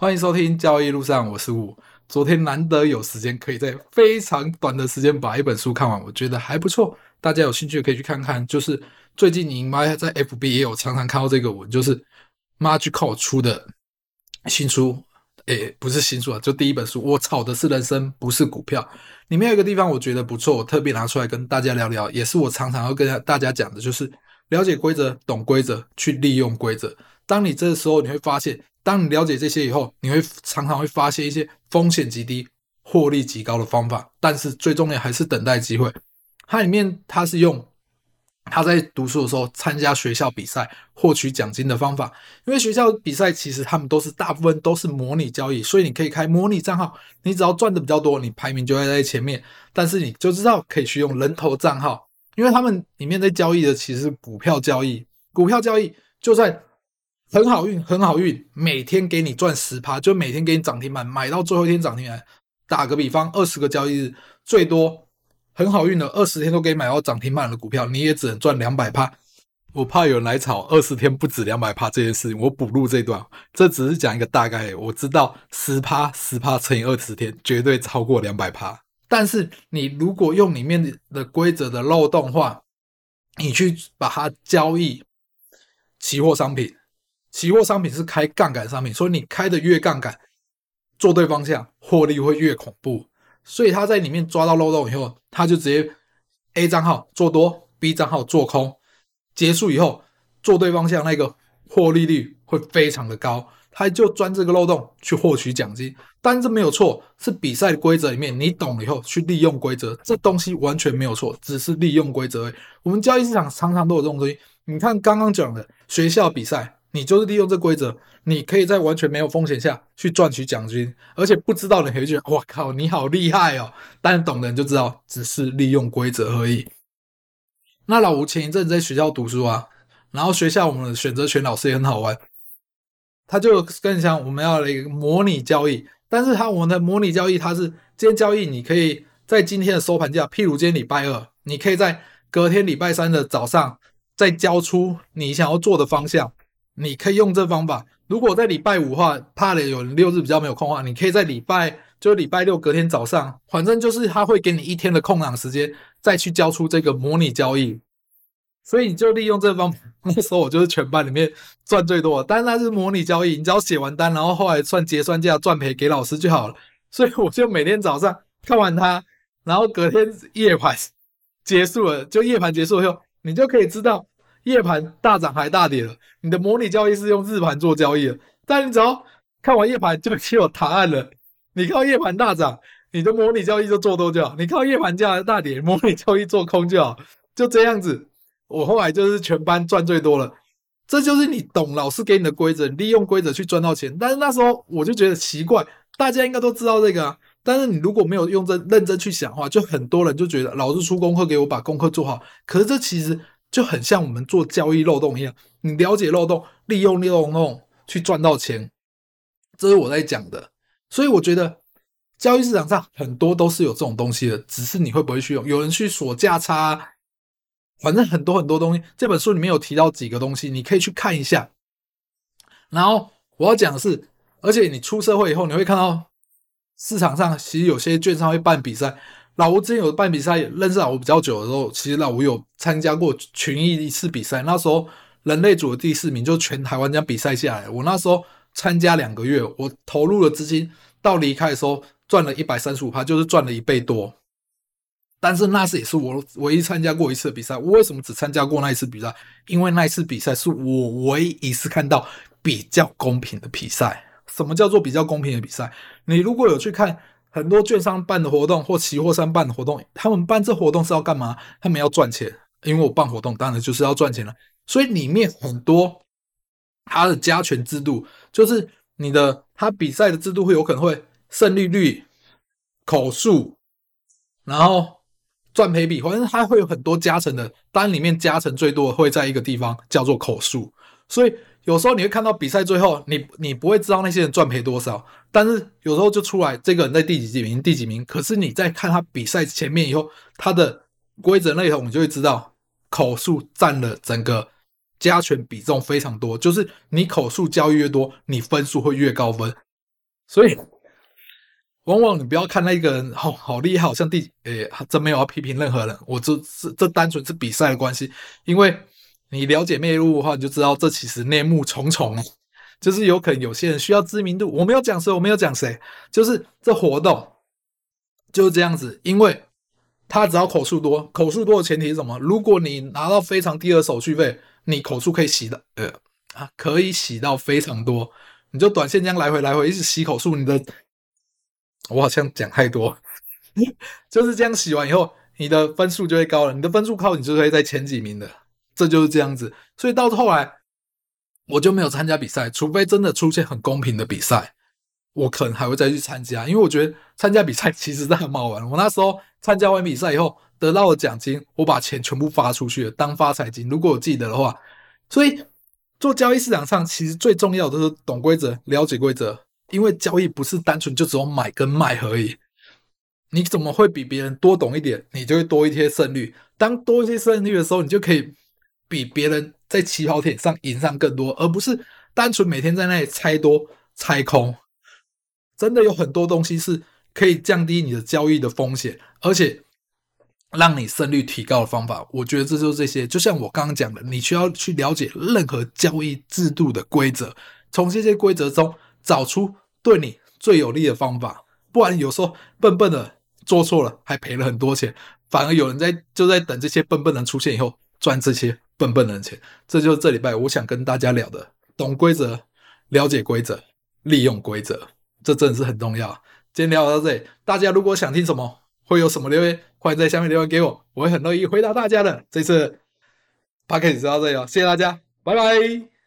歡迎收聽交易路上，我是五。昨天難得有時間，可以在非常短的時間把一本書看完，我覺得還不錯。大家有興趣可以去看看。就是最近你媽在 FB 也有常常看到這個文，就是 Margin Call 出的新書，哎、欸，不是新書啊，就第一本書。我炒的是人生，不是股票。裡面有一個地方我覺得不錯，我特別拿出來跟大家聊聊，也是我常常要跟大家講的，就是了解規則，懂規則，去利用規則。當你這個時候，你會發現，當你了解這些以後，你會常常會發現一些風險極低、獲利極高的方法。但是最重要還是等待機會。它裡面它是用他在讀書的時候參加學校比賽獲取獎金的方法，因為學校比賽其實他們都是大部分都是模擬交易，所以你可以開模擬賬號，你只要賺的比較多，你排名就會在在前面。但是你就知道可以去用人頭賬號，因為他們裡面在交易的其實是股票交易，股票交易就在。很好運，很好運，每天給你賺十趴，就每天給你漲停板，買到最後一天漲停板。打個比方，二十個交易日最多很好運的二十天都可以買到漲停板的股票，你也只能賺兩百趴。我怕有人來吵二十天不止兩百趴這件事情，我補錄這一段。這只是講一個大概，我知道十趴十趴乘以二十天絕對超過兩百趴。但是你如果用裡面的規則的漏洞的話，你去把它交易期貨商品。期貨商品是開槓桿商品，所以你開的越槓桿，做對方向，獲利會越恐怖。所以他在裡面抓到漏洞以後，他就直接 A 賬號做多，B 賬號做空，結束以後做對方向，那個獲利率會非常的高。他就鑽這個漏洞去獲取獎金，但這沒有錯，是比賽的規則裡面你懂了以後去利用規則，這東西完全沒有錯，只是利用規則而已。我們交易市場常常都有這種東西，你看剛剛講的學校的比賽。你就是利用這規則，你可以在完全沒有風險下去賺取獎金，而且不知道的人會覺得“哇靠，你好厲害哦！”但是懂的人就知道，只是利用規則而已。那老吳前一陣子在學校讀書啊，然後學校我們的選擇權老師也很好玩，他就更像我們要來一個模擬交易，但是他我們的模擬交易，它是今天交易，你可以在今天的收盤價，譬如今天禮拜二，你可以在隔天禮拜三的早上再交出你想要做的方向。你可以用這方法，如果在禮拜五的話，怕的有人六日比較沒有空的話，你可以在禮拜，就是禮拜六隔天早上，反正就是他會給你一天的空檔時間，再去交出這個模擬交易。所以你就利用這方法，那時候我就是全班裡面賺最多，但是那是模擬交易，你只要寫完單，然後後來算結算價賺賠給老師就好了。所以我就每天早上看完它，然後隔天夜盤結束了，就夜盤結束了以後，你就可以知道。夜盤大漲還大跌了，你的模擬交易，是用日盤做交易的，但你只要看完夜盤就就有答案了。你靠夜盤大漲，你的模擬交易就做多就好；你靠夜盤價大跌，模擬交易做空就好。就這樣子，我後來就是全班賺最多了。這就是你懂老師給你的規則，利用規則去賺到錢。但是那時候我就覺得奇怪，大家應該都知道這個啊，但是你如果沒有用真認真去想的話，就很多人就覺得老師出功課給我，把功課做好，可是這其實。就很像我們做交易漏洞一樣，你了解漏洞，利用漏洞去賺到錢，這是我在講的。所以我覺得，交易市場上很多都是有這種東西的，只是你會不會去用。有人去鎖價差啊，反正很多很多東西。這本書裡面有提到幾個東西，你可以去看一下。然後我要講的是，而且你出社會以後，你會看到市場上其實有些券商會辦比賽。老吳之前有辦比賽，認識老吳比較久的時候，其實老吳有參加過群益一次比賽，那時候人類組的第四名，就全台灣這樣比賽下來了，我那時候參加兩個月，我投入的資金到離開的時候賺了一百三十五趴，就是賺了一倍多。但是那次也是我唯一參加過一次比賽。我為什麼只參加過那一次比賽？因為那一次比賽是我唯一一次看到比較公平的比賽。什麼叫做比較公平的比賽？你如果有去看。很多券商辦的活動或期貨商辦的活動，他們辦這活動是要幹嘛？他們要賺錢。因為我辦活動，當然就是要賺錢了。所以裡面很多他的加權制度，就是你的他比賽的制度會有可能會勝利率、口數、然後賺賠比，反正他會有很多加成的。單裡面加成最多的會在一個地方叫做口數，所以。有時候你會看到比賽最後，你你不會知道那些人賺賠多少，但是有時候就出來這個人在第幾名，第幾名。可是你在看他比賽前面以後，他的規則內容，你就會知道口數佔了整個加權比重非常多。就是你口數交易越多，你分數會越高分。所以，往往你不要看那個人好、哦、好厲害，好像第幾……誒，他真沒有要批評任何人。我這是這單純是比賽的關係，因為。你了解內幕的話，你就知道這其實內幕重重，就是有可能有些人需要知名度，我沒有講誰，我沒有講誰，就是這活動就是這樣子。因為它只要口數多，口數多的前提是什麼？如果你拿到非常低的手續費，你口數可以洗的，呃啊，可以洗到非常多。你就短線這樣來回來回一直洗口數，你的我好像講太多，就是這樣洗完以後，你的分數就會高了，你的分數高，你就會在前幾名的。這就是這樣子，所以到後來我就沒有參加比賽，除非真的出現很公平的比賽，我可能還會再去參加，因為我覺得參加比賽其實是很好玩。我那時候參加完比賽以後，得到了獎金，我把錢全部發出去了當發財金，如果我記得的話。所以做交易市場上，其實最重要的是懂規則、了解規則，因為交易不是單純就只有買跟賣而已。你怎麼會比別人多懂一點，你就會多一些勝率。當多一些勝率的時候，你就可以。比別人在起跑點上贏上更多，而不是單純每天在那裡猜多猜空。真的有很多東西是可以降低你的交易的風險，而且讓你勝率提高的方法。我覺得這就是這些。就像我剛剛講的，你需要去了解任何交易制度的規則，從這些規則中找出對你最有利的方法。不然有時候笨笨的做錯了還賠了很多錢，反而有人在就在等這些笨笨的出現以後賺這些笨笨的錢，這就是這禮拜我想跟大家聊的。懂規則，了解規則，利用規則，這真的是很重要。今天聊到這裡，大家如果想聽什麼，會有什麼留言，歡迎在下面留言給我，我會很樂意回答大家的。這次 podcast 就到這裡了，哦，謝謝大家，拜拜。